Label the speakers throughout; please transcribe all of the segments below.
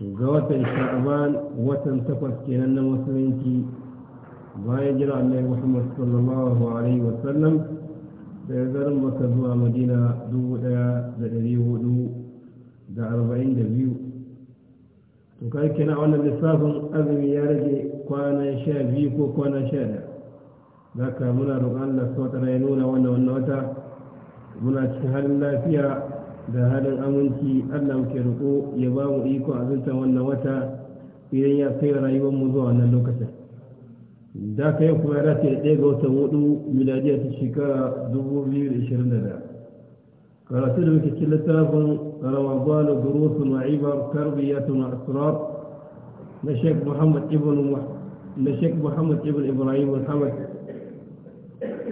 Speaker 1: ga watan sha'aban watan takwas kenan na musulunci bayan jira annabi muhammad sallallahu alaihi da ya garin maka zuwa madina dubu daya da dari hudu da arba'in da biyu to kai kenan wannan lissafin azumi ya rage kwana sha biyu ko kwana sha daya za ka muna roƙon allah wata ya nuna wannan wata muna cikin halin lafiya da halin aminci Allah muke roƙo ya ba mu iko azunta wannan wata idan ya kai rayuwar mu zuwa wannan lokacin da ka yi kuma ya dace ɗaya ga watan hudu miladiya ta shekara 2021 karatu da muke cikin littafin ramadan durusun ma'ibar tarbiyyatu na asrar na sheikh muhammad ibn na sheikh muhammad ibn ibrahim muhammad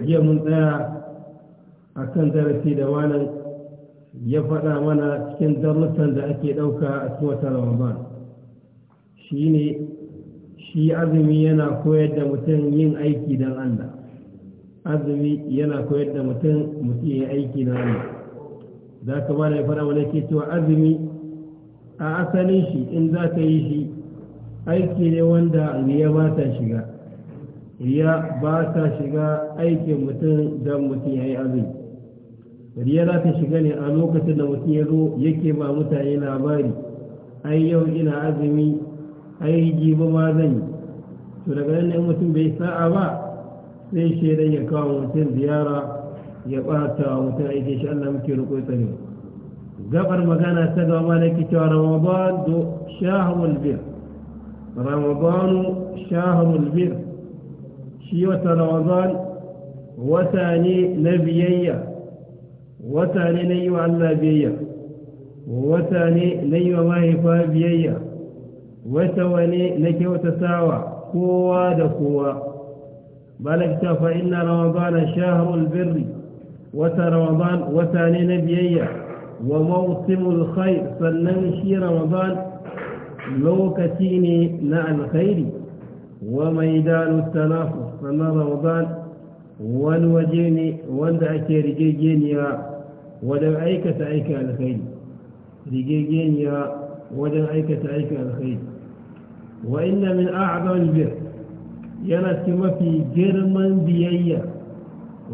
Speaker 1: jiya mun tsaya kan darasi da wannan ya faɗa mana cikin darussan da ake ɗauka a cikin wata ramadan shi ne shi azumi yana koyar da mutum yin aiki don allah azumi yana koyar da mutum mutum yin aiki don allah za ka mana ya faɗa mana ke cewa azumi a asalin shi in za ka yi shi aiki ne wanda riya ba ta shiga riya ba ta shiga aikin mutum don mutum ya yi azumi riya za ta shiga ne a lokacin da mutum ya zo yake ba mutane labari ai yau ina azumi ai jibi ma zan yi to daga nan ne mutum bai sa'a ba sai shaidan ya kawo mutum ziyara ya ɓata wa mutum aiki shi Allah muke roƙo tsare gabar magana ta gaba da ke cewa ramadan do shahrul bir ramadan shahrul bir shi wata ramadan wata ne na biyayya وتاني نيو الله بيا وتاني نيو الله فا بيا وتواني نكيو تساوى قوة دقوة بلك تفا إن رمضان شهر البر وتا رمضان وتاني نبيا وموسم الخير فلنمشي رمضان لو كتيني نع الخير وميدان التنافس فلن رمضان وان وجيني وان دعكي رجي جيني wajen aikata aikin alkhairi rigegeniya wajen aikata aikin alkhairi wa inna min a'zam bir yana ci mafi girman biyayya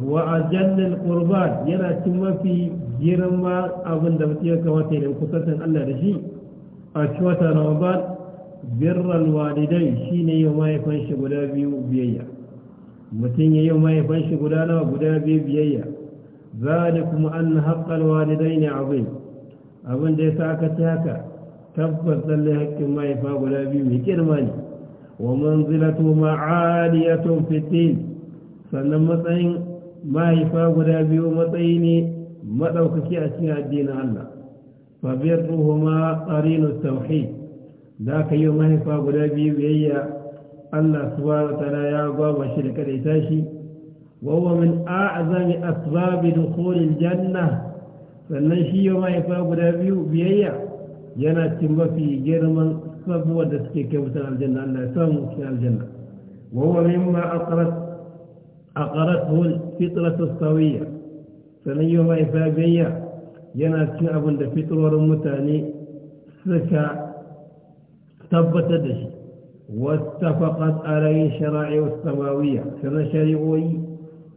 Speaker 1: wa ajallal qurban yana ci mafi girma abin da mutum ya kamata ya kusantan Allah da shi a ciwata ramadan birral walidai shine yau mahaifan shi guda biyu biyayya mutum ya yi mahaifan shi guda nawa guda biyu biyayya ذلكم أن حق الوالدين عظيم أبن ديساك تاكا تبقى ذلك ما يفاق الأبي مكرماني ومنزلتهما عالية في الدين سنة مطين ما يفاق الأبي مطيني ما توقف أشياء الدين الله فبرهما قرين التوحيد ذاك يوم ما يفاق الأبي بيئة الله سبحانه وتعالى يعقوب وشركة إتاشي وهو من أعظم أسباب دخول الجنة فلنشي وما يفاق ربيو بيئيا جنة تنبا في جرما سبب ودسكي كبتنا الجنة الله يسامو في الجنة وهو مما أقرت أقرته الفطرة الصوية فلنشي وما يفاق بيئيا جنة تنبا في فطرة رمتاني سكا تبت واتفقت عليه شرائع السماوية فلنشري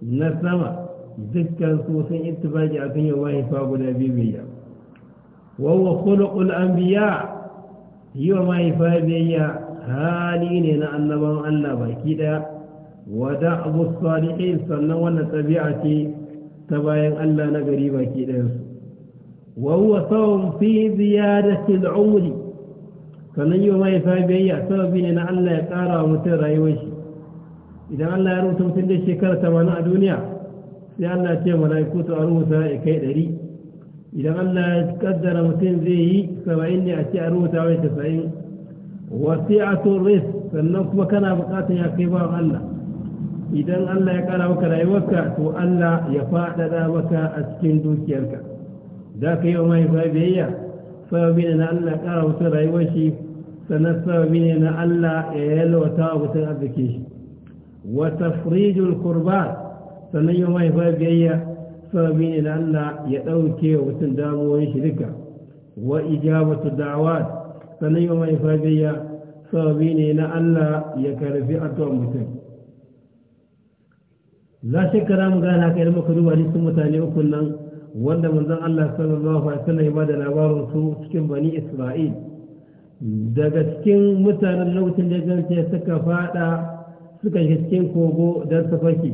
Speaker 1: na sama dukkan su sun ittifaki akan yin mahaifa guda biyu biyu biyya wawa khuluqul anbiya yi wa mahaifa biyayya hali ne na annaban Allah baki daya wa abu salihin sannan wannan tabi'a ce ta bayan Allah na gari baki daya su wawa sawun fi ziyadatil umri sannan yi wa mahaifa biyayya sababi ne na Allah ya kara wa mutum rayuwar shi idan Allah ya rubuta mutum zai shekara tamanin a duniya sai Allah ce mala'iku su a rubuta ya kai ɗari idan Allah ya kaddara mutum zai yi saba'in ne a ce a rubuta wai tasa'in wasi'atun ris sannan kuma kana buƙatar ya kai ba Allah idan Allah ya ƙara maka rayuwarka to Allah ya faɗaɗa maka a cikin dukiyarka za ka yi wa mahaifa biyayya sababi ne na Allah ƙara mutum rayuwar shi sannan sababi ne na Allah ya yalwata wa mutum arzikin shi wa tafrijul qurba sannan ya mahaifa biyayya sababi ne na Allah ya ɗauke wa mutum damuwar shi duka wa ijabatu da'awat sannan ya mahaifa biyayya sababi ne na Allah ya karfi addu'ar mutum Za la shekara mu gana kai da muka duba sun mutane uku nan wanda manzon Allah sallallahu alaihi wasallam ya bada labarin su cikin bani Isra'il daga cikin mutanen lokacin da ya suka fada suka yi cikin kogo don su fake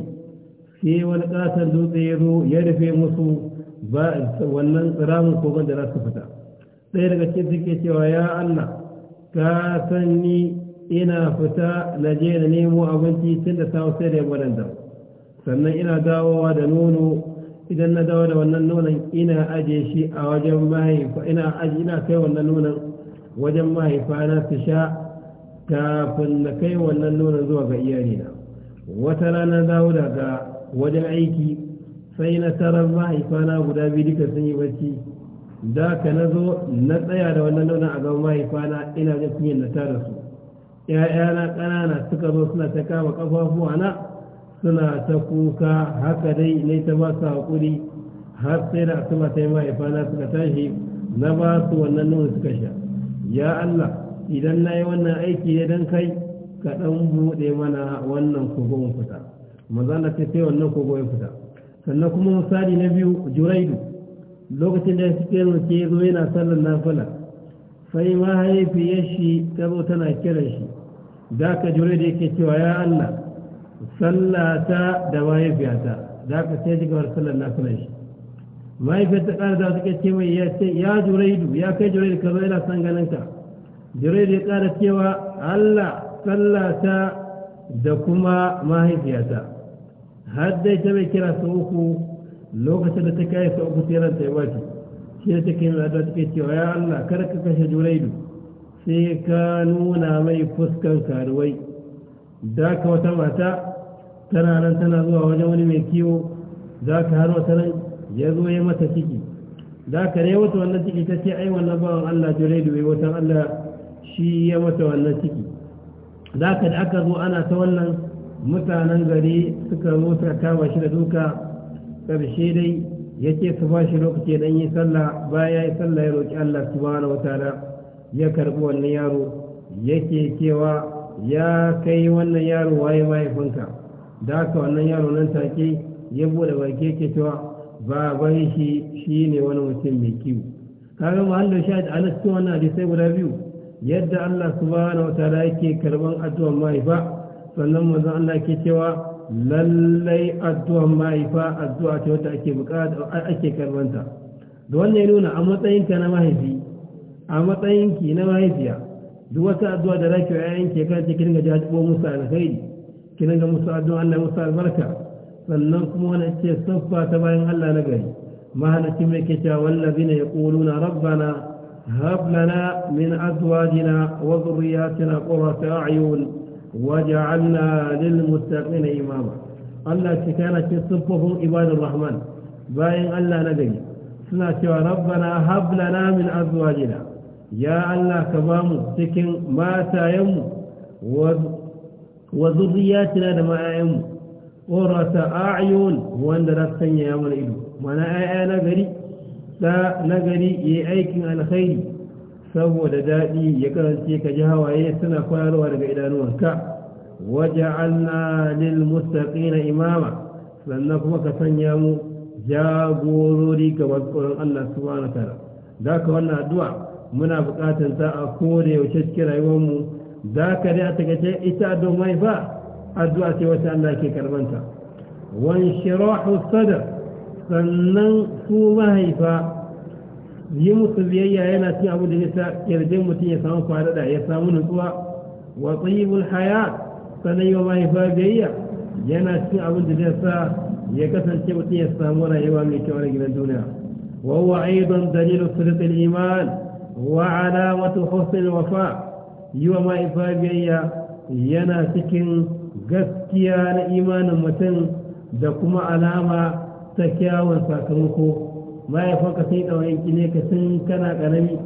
Speaker 1: sai wani ƙasar dutse ya rufe musu ba wannan tsiramin kogon da za su fita sai daga cikin suke cewa ya allah ka san ni ina fita na je na nemo abinci tun da samu sai da yamma da sannan ina dawowa da nono idan na dawo da wannan nonon ina aje shi a wajen mahaifa ina aje ina kai wannan nonon wajen mahaifa na su sha kafin na kai wannan nuna zuwa ga iyali na wata rana dawo daga wajen aiki sai na tarar mahaifana guda biyu duka sun yi bacci da ka na zo na tsaya da wannan nuna a gaban mahaifana ina jin yi na tara su ƴaƴana ƙanana suka zo suna ta kama ƙafafuwa na suna ta kuka haka dai ne ta ba su haƙuri har sai da asuma ta yi mahaifana suka tashi na ba su wannan nuna suka sha ya Allah idan na yi wannan aiki ya dan kai ka ɗan buɗe mana wannan kogo mu fita manzala ta wannan kogo ya fita sannan kuma misali na biyu juraidu lokacin da suke ke zo yana sallar nafila sai ya shi ta zo tana kiran shi da ka juraidu yake cewa ya allah sallata da mahaifiyata za ka sai shiga sallar nafila shi mahaifiyar ta ƙara da suke ce mai ya ce ya juraidu ya kai juraidu ka zo yana son ganin ka jirai da ya ƙara cewa allah sallata da kuma mahaifiyata har dai ta bai kira sau uku lokacin da ta kai sau uku sai ta yi wace shi da take nuna ta take cewa ya allah kar ka kashe jirai juraidu sai ka nuna mai fuskan karuwai da ka wata mata tana nan tana zuwa wajen wani mai kiwo za ka har wata nan ya zo ya mata ciki za ka rewata wata wannan ciki ta ce ai wannan bawan allah jirai juraidu bai wata allah shi ya mata wannan ciki za ka da aka zo ana ta wannan mutanen gari suka zo suka kama shi da duka ƙarshe dai ya ce su ba shi lokaci dan yi sallah baya yi sallah ya roƙi Allah subhanahu wa ta'ala ya karɓi wannan yaro yake cewa ya kai wannan yaro waye mahaifinka da ka wannan yaro nan take ya buɗe baki ke cewa bai shi ne wani mutum mai kiwo kaga mahallin shahid a cikin wannan hadisai guda biyu yadda Allah subhanahu wataala yake karban addu'ar mahaifa sannan manzon Allah ke cewa lallai addu'ar mahaifa addu'a ce wadda ake bukata ake karbanta da wannan ya nuna a matsayinka na mahaifi a matsayinki na mahaifiya duk wata addu'a da zaki wa yayanki ya kace kin ga jajibo musu alkhairi kin ga musu addu'a Allah musu albarka sannan kuma wannan ce saffa ta bayan Allah na gari mahalacin mai ke cewa wallazina yaquluna rabbana هب لنا من أزواجنا وذرياتنا قرة أعين وجعلنا للمتقين إماما الله كانت صفهم عباد الرحمن باين الله نبي سنة ربنا هب لنا من أزواجنا يا الله كبام سكن ما تايم وذرياتنا يم قرة أعين وأن لا يا من أي أنا غريب da nagari ya yi aikin alkhairi saboda daɗi ya karance ka ji hawaye suna farawa daga idanuwanka waja'alna lil mustaqina imama sannan kuma ka sanya mu jagorori ga tsoron Allah subhanahu wataala da ka wannan addu'a muna buƙatar ta a kore yaushe cikin rayuwarmu za ka dai a takaice ita addu'a mai ba addu'a ce wata Allah ke karbanta wan shirahu sadr sannan su mahaifa yi musu biyayya yana cin abu da ya sa yarda mutum ya samu faɗaɗa ya samu nutsuwa wa tsayibul haya sannan yi wa mahaifa biyayya yana cin abu da nisa ya kasance mutum ya samu rayuwa mai kyau na gidan duniya wa yi don dalilu sirrin iman wa alamatu husnul wafa yi wa mahaifa biyayya yana cikin gaskiya na imanin mutum da kuma alama ta kyawun sakamako mahaifanka sun sai ki ne ka sun kana ƙarami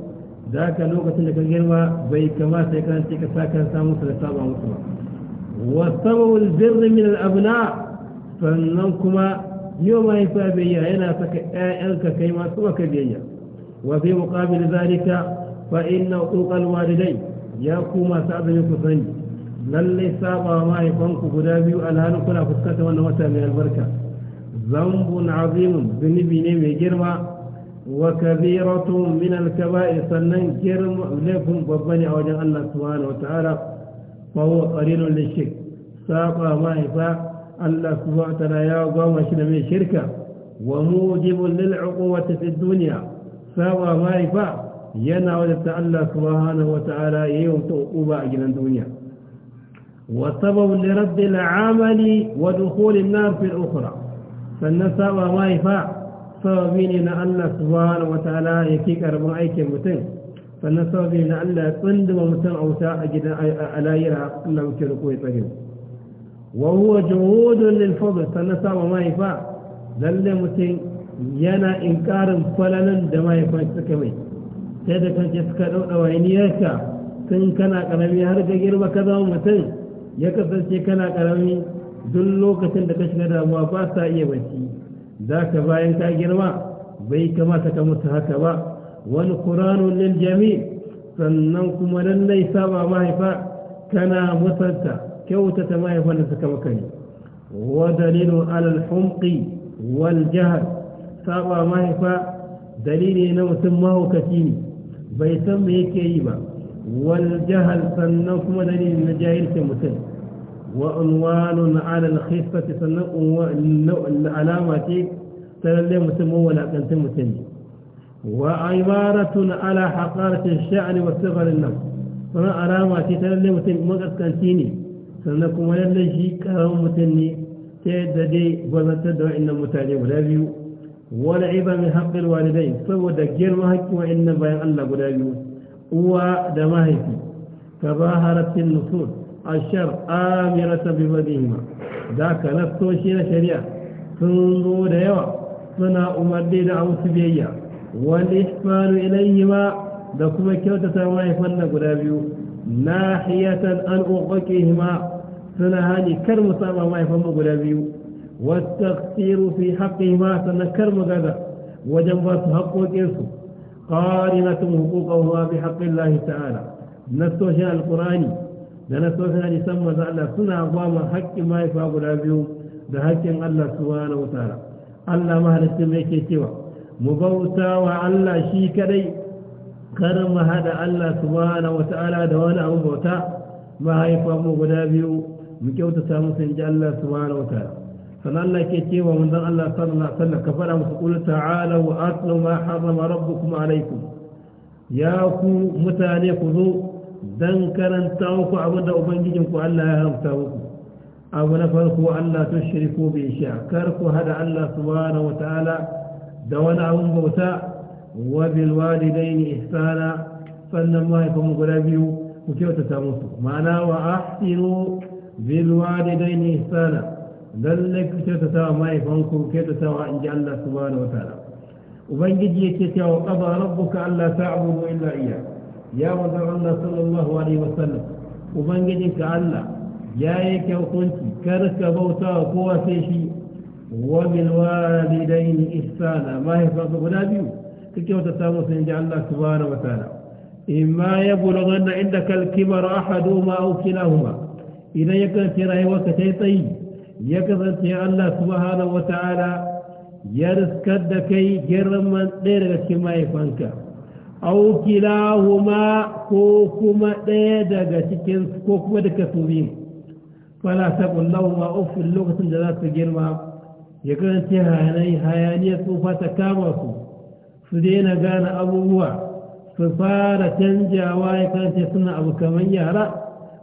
Speaker 1: da haka lokacin da ka girma bai kamata ya karanta ka sa kan samu da saba musu ba wasabawul birni min al'abna sannan kuma yau mahaifa biyayya yana saka ƴaƴanka kai ma su baka biyayya wa fi muqabil zalika fa inna uqal walidai ya ku masu azumi ku sani lallai saba mahaifanku guda biyu alhalin kuna fuskanta wannan wata mai albarka ذنب عظيم ذنب نيم جرما وكبيرة من الكبائر سنن جرم لكم ببني أوجا الله سبحانه وتعالى فهو قليل للشرك ساقا ما إفاء الله سبحانه وتعالى يا قوم شنمي شركة وموجب للعقوبة في الدنيا ساقا ما إفاء ينا وجدت الله سبحانه وتعالى يوم تؤقوبة أجل الدنيا وسبب لرد العمل ودخول النار في الأخرى sannan saba mahaifa sababi ne na Allah subhanahu wataala ya ke karbin aikin mutum sannan sababi ne na Allah ya tsunduma mutum a wuta a gidan alayira Allah muke riko ya tsare wa huwa juhudun lil fadl sannan saba mahaifa lalle mutum yana inkarin falalan da mahaifan suka mai sai da kanci suka dauda wainiyarka tun kana karami har ga girma ka zama mutum ya kasance kana karami duk lokacin da ka shiga damuwa ba sa iya bacci za ka bayan ka girma bai kamata ka mutu haka ba wani ƙuranun lil jami sannan kuma lallai saba mahaifa kana mutunta kyautata mahaifan da suka maka ne wa dalilu alal humqi wal jahal saba mahaifa dalili na mutum mahaukaci ne bai san me yake yi ba wal jahal sannan kuma dalilin na jahilcin mutum وعنوان على الخفة سنق والعلامة تلالي متمو ولكن تمتن وعبارة على حقارة الشعر وصغر النفس فنا علامة تلالي متن مغر كنتيني سنق ويلجي كرام متني تيددي وزتدع إن المتعليم رابيو ولعبا من حق الوالدين فودا جير مهك وإن بيان الله رابيو ودماهي فظاهرت النصوص ashar amirata bi madihima da ka nastoshi na shari'a sun zo da yawa suna umarni da amsu biyayya wal ihsanu ilayhima da kuma kyautata mahaifan na guda biyu nahiyatan an uqaqihima suna hani kar mu saba mahaifan mu guda biyu والتقصير في حقهما سنكر مغدا وجنبات حقه كيسو قارنة حقوقهما بحق الله تعالى نستوشى القرآن da na sosin hadisan maza Allah suna ba mu haƙƙin mahaifa guda biyu da haƙƙin Allah subhanahu wataala Allah mahalicci mai ke cewa mu bauta wa Allah shi kadai kar mu hada Allah subhanahu wataala da wani abu bauta mahaifa mu guda biyu mu kyautata musu in ji Allah subhanahu wataala sannan Allah ke cewa manzon Allah sallallahu alaihi wasallam ka fara musu qul ta'ala wa atlu ma harrama rabbukum alaikum ya ku mutane ku zo Dan karanta muku abin da ubangijinku Allah ya haramta muku abu na farko Allah ta shirku bai sha kar ku hada Allah subhanahu wa ta'ala da wani abun bauta wa bil walidaini ihsana sannan mahaifan guda biyu ku kyautata musu ma'ana wa ahsinu bil walidaini ihsana lalle ku kyautata wa mahaifanku ku kyautata wa inji Allah subhanahu wa ta'ala ubangiji yake cewa qada rabbuka allah ta'budu illa la'iya. يا رسول الله صلى الله عليه وسلم وبنجدك على يا إيك وقنتي كرك بوتا قوة سيشي وبالوالدين إحسانا ما هي فرصة بلابيو كيف تتامو سنجع الله سبحانه وتعالى إما يبلغن عندك الكبر أحدهما أو كلاهما إذا يكن في رأي وقت يطيب يكن في الله سبحانه وتعالى يرسكدك جرما ديرك كما يفنكه au kilahuma ko kuma ɗaya daga cikin ko kuma daga su fala saƙon lahuma ofin lokacin da za su girma ya kasance hayaniya tsufa ta kama su su daina gane abubuwa su fara canjawa ya kasance suna abu kamar yara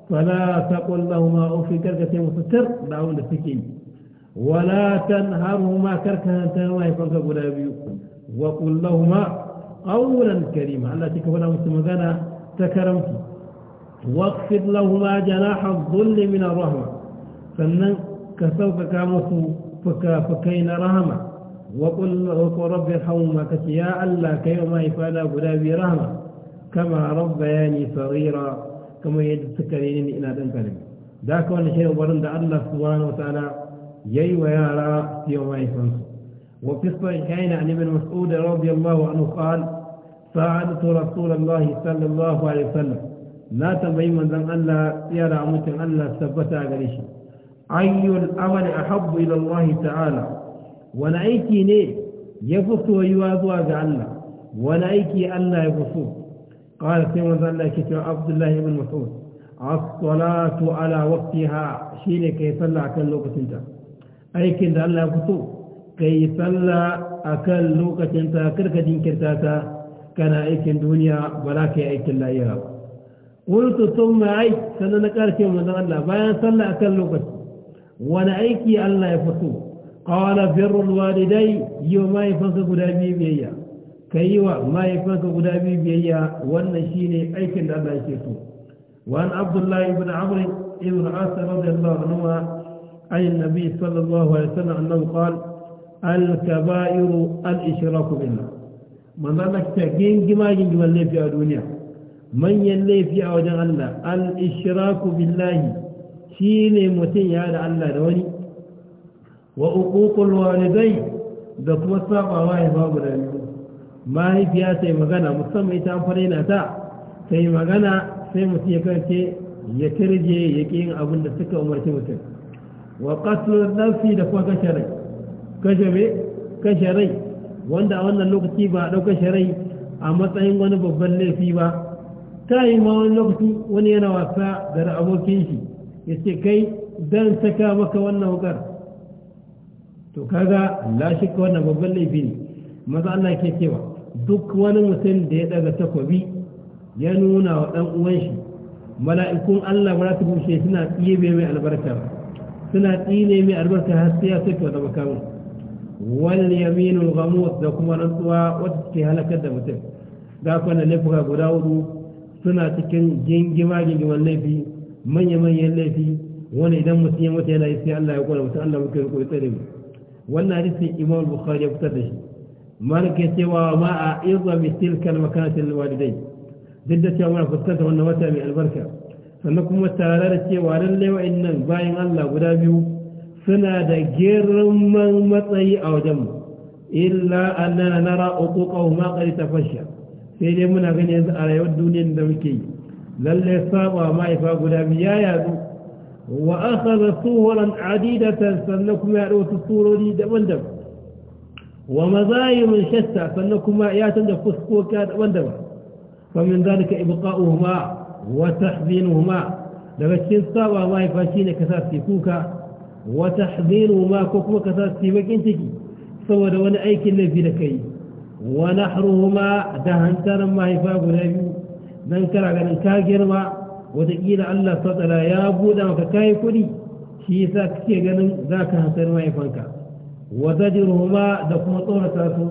Speaker 1: fala saƙon lahuma ofin karkace musu tar da abin suke yi wala tan haruma karkanta mahaifanka guda biyu wa ƙullahuma قولا كريما الله تكفنا مستمغانا تكرمت واخفض لهما جناح الظل من الرحمة فنن كسوك كامسو فكا فكين رحمة وقل, وقل رب ارحمهما كتيا ألا كيوما إفادا قلابي رحمة كما ربياني صغيرا كما يجد سكريني إنا دنكرم ذاك وانا شيء برند الله سبحانه وتعالى يي ويارا يوما يفنسو وفي الصحيحين عن ابن مسعود رضي الله عنه قال sa'adatu rasulullahi sallallahu alaihi wasallam na tambayi manzon Allah tsira mutum Allah tabbata gare shi ayyul a ahabbu ila Allah ta'ala wani aiki ne ya fi soyuwa zuwa ga Allah wani aiki Allah ya fi so qala sai manzon Allah ke cewa Abdullahi ibn Mas'ud as-salatu ala waqtiha shine kai sallah kan lokacinta aikin da Allah ya fi so kai sallah akan lokacinta karka jinkirta ta كان أيك الدنيا بلاك أيك الله يرى قلت ثم أي سنة نكارك من الله بيان صلى أكل لقص وانا أيك الله يفتو قال بر الوالدي يو ما يفنس قدابي بيا كيوا ما يفنس قدابي بيا وانا شيني أيك الله يفتو وان عبد الله بن عمر بن عاص رضي الله عنه أي النبي صلى الله عليه وسلم أنه قال الكبائر الإشراك بالله manzo Allah ta gingima gingiman laifi a duniya manyan laifi a wajen Allah al-ishraku billahi shine mutum ya da Allah da wani wa uququl walidai da kuma wa ya babu da ni mahaifiya ta sai magana musamman ita amfani na ta ta sai magana sai mutum ya kace ya tirje ya ƙi yin abin da suka umarci mutum wa qatlun nafsi da kuma kashe rai kashe rai wanda a wannan lokaci ba a ɗaukar sharai a matsayin wani babban laifi ba ta yi ma wani lokaci wani yana wasa da abokin shi ya ce kai dan saka maka wannan wukar to kaga lashe ka wannan babban laifi ne maza Allah ke cewa duk wani mutum da ya daga takwabi ya nuna wa ɗan uwan shi mala'ikun Allah ba za su bushe suna tsiye mai albarka suna tsine mai albarka har sai ya saka wata makamin wal yaminul ghamus da kuma rantsuwa wadda ke halakar da mutum da kuma laifuka guda hudu suna cikin gingima gingiman laifi manya manyan laifi wani idan mutum ya mutu yana yi sai Allah ya kula mutum Allah muke riko ya tsare mu wannan hadisi Imam Bukhari ya fitar da shi malaka ya cewa ma a irza bi tilka al-makanati duk da cewa muna fuskanta wannan wata mai albarka sannan kuma tare da cewa lallai wa'annan bayan Allah guda biyu suna da girman matsayi a wajen illa annana nara uquqahu ma qad tafashsha sai dai muna gani yanzu a rayuwar duniyar da muke yi lalle saba mahaifa guda biya yazo wa akhadha suwaran adidatan sannan kuma ya dauki surori daban-daban wa mazayim shatta sannan kuma ya canza fuskoka daban-daban fa min zalika ibqa'uhuma wa tahzinuhuma daga cikin saba mahaifa shine ka sa kuka وتحذيرهما كفما كثاستي وكنتك صور وانا ايك الذي لكي ونحرهما دهنتان ما يفاق نبي ننكر على الكاكر ما وتقيل الله سطلا يا بودا وككاي كلي شيسا كتير جنن ذاك هنسر ما يفاقا وزجرهما دفما طورة ساسو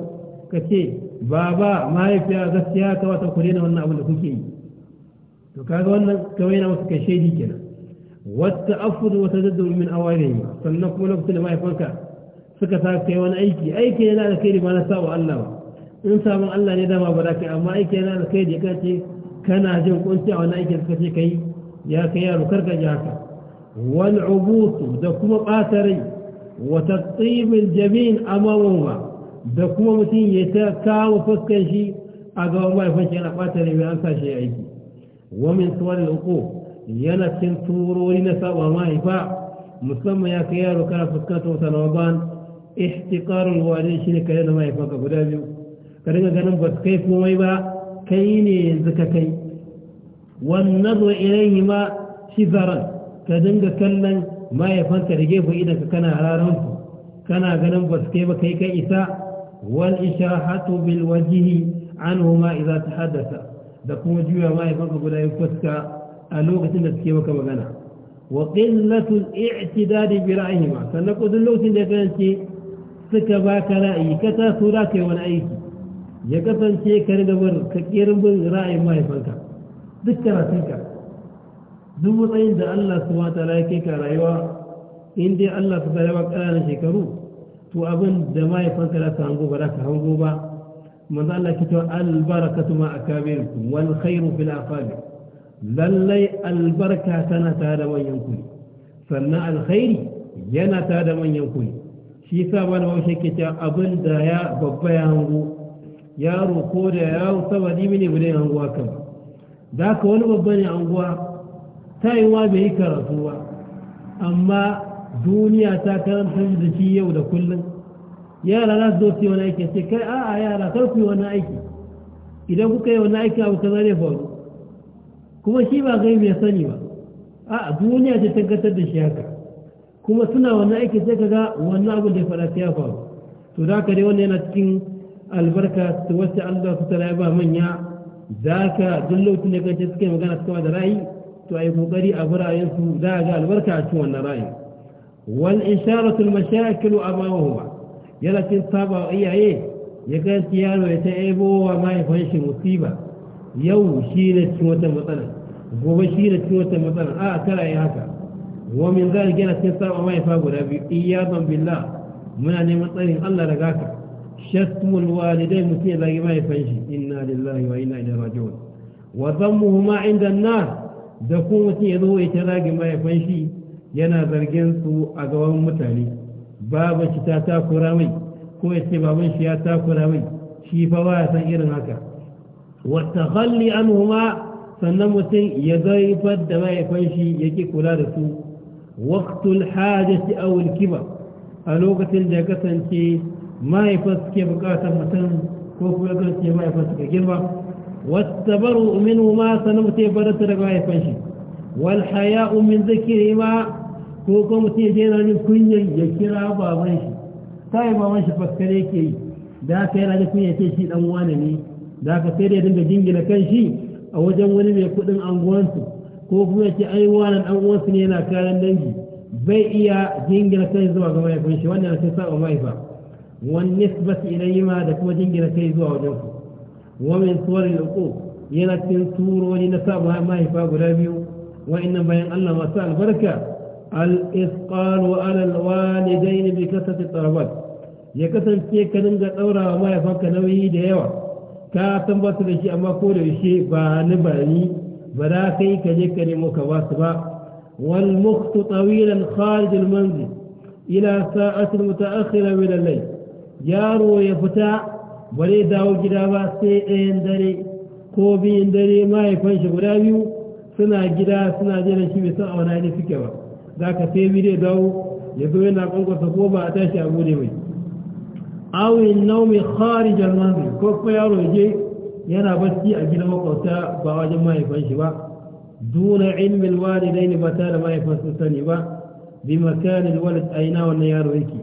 Speaker 1: كتير بابا ما يفيا ذاستياك واتقلين وانا اولا كي تو كاغوانا كوينا وسكشي كنا والتأفض وتجدد من أوائلهم فلنقول لك لما يكون سكتا كيوان أيكي أيكي لا لكيري ما نساو الله إنسا من الله ما أبراك أما أيكي لا لكيري كاتي كان أجيب كنت أو نأيكي لكتي كي يا كيار كرك جاك والعبوط دكوم قاتري وتطيب الجبين أمامهما دكوم متين يتاكا وفكشي أقوى ما يفنشي أنا قاتري بأنسا شيء أيكي ومن صور الوقوف yana cin turori na saba mahaifa musamman ya kai yaro kana fuskantar wata na ramadan ihtiqarul shi ne kai da mahaifanka guda biyu ka dinga ganin ba su kai komai ba kai ne yanzu ka kai wannan zuwa irin yi ma shi shizaran ka dinga kallon mahaifanka da gefe idan ka kana hararin su kana ganin ba su kai ba kai ka isa wal isharahatu bil wajhi ma idza tahaddatha da kuma juya mahaifanka guda biyu fuska a lokacin da suke maka magana wa al i'tidadi bi ra'yihim sannan kudin lokacin da kasance suka baka ra'ayi ka ta sura kai ka yi wani aiki ya kasance ka riga bar ka kirin bin ra'ayin mahaifanka duk karatunka duk matsayin da Allah subhanahu mata ya kai ka rayuwa in dai Allah ta tare ƙananan shekaru to abin da mahaifanka za ka hango ba za ka hango ba manzo Allah ki ta albarakatu ma akabirkum wal khairu fil afaq lallai albarka tana ta da manyan kuli sannan alkhairi yana ta da manyan kuli shi sa wani wasu ke cewa abin da ya babba ya hango yaro ko da yawo saba dimi ne bude hanguwa kan da ka wani babba ne anguwa ta yi wa bai yi karatu ba amma duniya ta karanta da shi yau da kullum yara za su zo su yi wani aiki sai kai a'a yara kar ku yi wani aiki idan kuka yi wani aiki abu kaza ne faru kuma shi ba gai mai sani ba a duniya ta tankatar da shi haka kuma suna wannan aiki sai ka ga wannan abin da ya faɗa ta ya faru to da ka dai wannan yana cikin albarka su wacce allah su tara ba manya za ka duk lokacin da kance suke magana suka da ra'ayi to a yi kokari a birayen su za ga albarka a cikin wannan ra'ayi wal isharatul mashakilu amawahu yana cin saba iyaye ya ga yaro ya ta ebo wa mahaifin shi musiba yau shi ne cikin wata matsala gobe shi ne cikin wata matsala a kara yi haka wamin za a gina cikin saba mahaifa guda biyu ban billah muna neman tsarin Allah daga haka shatmul walidai mutum ya zagi mahaifan shi inna lillahi wa inna ilaihi raji'un wa dhammuhuma inda na da kuma mutum ya zo ya ta zagi mahaifan shi yana zargin su a gaban mutane baban shi ta takura mai ko ya ce baban shi ya takura mai shi fa ba ya san irin haka وتغلي عنهما فنمتي يضاي فد ما يفنشي يكي كلا وقت الحاجة أو الكبر ألوغة الجاكة انتي ما يفسك بكاتا مثلا كوفو يقنتي ما يفسك كبا والتبرء منهما فنمتي بدت ما يفنشي والحياء من ذكرهما كوكو متي جينا من كنيا يكرا بابنشي طيب بابنشي فكريكي داكي راجفني يتشي الأموانني da ka sai da dinga jingina kan shi a wajen wani mai kuɗin anguwansu ko kuma ya ce ai wannan uwansu ne yana kayan dangi bai iya jingina kai zuwa ga mahaifin shi wannan sai saba mahaifa wan nisbati ma da kuma jingina kai zuwa wajen su wa min suwar al yana turo ne na saba mahaifa guda biyu wa'annan bayan Allah masu albarka al wa ala al-walidayn bi kasati tarabat ya kasance ka dinga daura wa mahaifanka nauyi da yawa ka san ba su da shi amma ko da yaushe ba ni ba ni ba za ka yi ka je ka nemo ka ba su ba wal muktu tawilan kharij al manzil ila sa'at al mutaakhira min al layl yaro ya fita bare dawo gida ba sai ɗayan dare ko biyan dare mahaifan shi guda biyu suna gida suna jira shi bai san a wani suke ba za ka sai dai dawo ya zo yana kwankwasa ko ba a tashi a gode mai awin naumi kharijar manzil ko kuma yaro je yana bacci a gidan makwabta ba wajen mahaifan shi ba duna ilmin walidain ba ta da mahaifan su sani ba bi makanin walid aina wannan yaro yake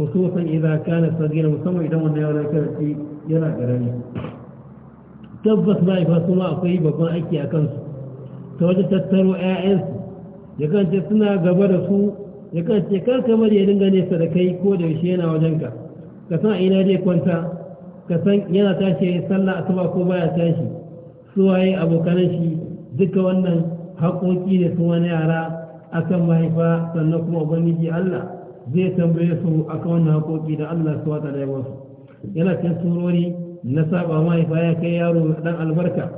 Speaker 1: khususan idan kana sagira musamman idan wannan yaro yake rafi yana garani tabbas mahaifa su ma akwai babban aiki a kansu ta wajen tattaro 'ya'yansu ya kance suna gaba da su ya kance kar kamar ya dinga nesa da kai ko da yaushe yana wajenka ka san ina zai kwanta ka san yana tashi sallah asuba ko baya tashi suwaye abokanan shi duka wannan haƙoƙi ne su wani yara kan mahaifa sannan kuma ubangiji Allah zai tambaye su akan wannan haƙoƙi da Allah su wata da yawansu yana cikin surori na saba mahaifa ya kai yaro dan albarka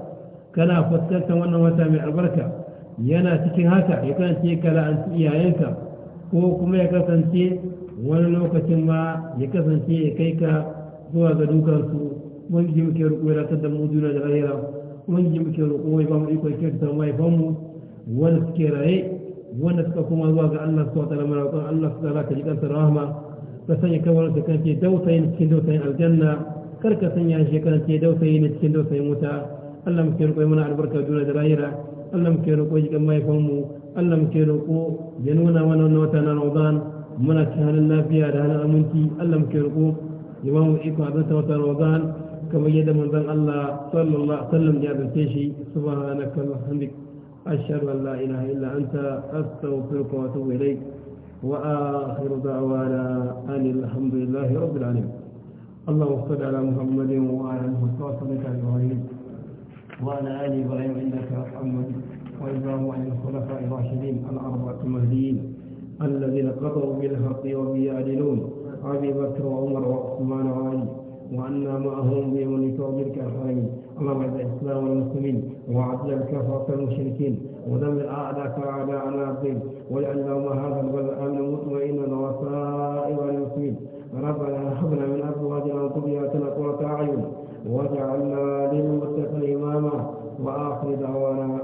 Speaker 1: kana fuskantar wannan wata mai albarka yana cikin haka ya kasance ka la'anci iyayenka ko kuma ya kasance wani lokacin ma ya kasance ya kai ka zuwa ga dukansu ubangiji muke roƙo ya ratar da mu juna da rayuwa ubangiji muke roƙo ya ba mu ikon kyautar mahaifanmu wanda suke raye wanda suka kuma zuwa ga Allah subhanahu wa ta'ala muna roƙon Allah subhanahu wa ta'ala ka ji kansa rahama ka sanya kawar da kanke dausayin cikin dausayin aljanna kar ka sanya shi kanke dausayin cikin dausayin wuta Allah muke roƙo mana albarka juna da rayuwa Allah muke roƙo ya ji kan mahaifanmu اللهم كيروكو ينونا ونوتنا رمضان منك هل الله فيها رهنا أمنتي اللهم كيروكو يوام إيكو عبدت رمضان كما يدى من ذن الله صلى الله عليه وسلم يا ابن سبحانك وحمدك أشهد أن لا إله إلا أنت أستغفرك وأتوب إليك وآخر دعوانا أن الحمد لله رب العالمين اللهم صل على محمد وعلى اله وصحبه اجمعين وعلى ال ابراهيم انك حميد مجيد وإمام أهل الخلفاء الراشدين الأربعة المهديين الذين قضوا بالحق وبه يعدلون أبي بكر وعمر وعثمان وعلي وأنا معهم وملك وبالكرامين اللهم اعز الإسلام والمسلمين وعدل الكفرة المشركين ودمر أعداءك أعداءنا الدين واجعل اللهم هذا البلد آمنا مطمئنا وسائر المسلمين ربنا أخذنا من أزواجنا وذرياتنا قرة أعين واجعلنا للمتقين إماما وآخر دعوانا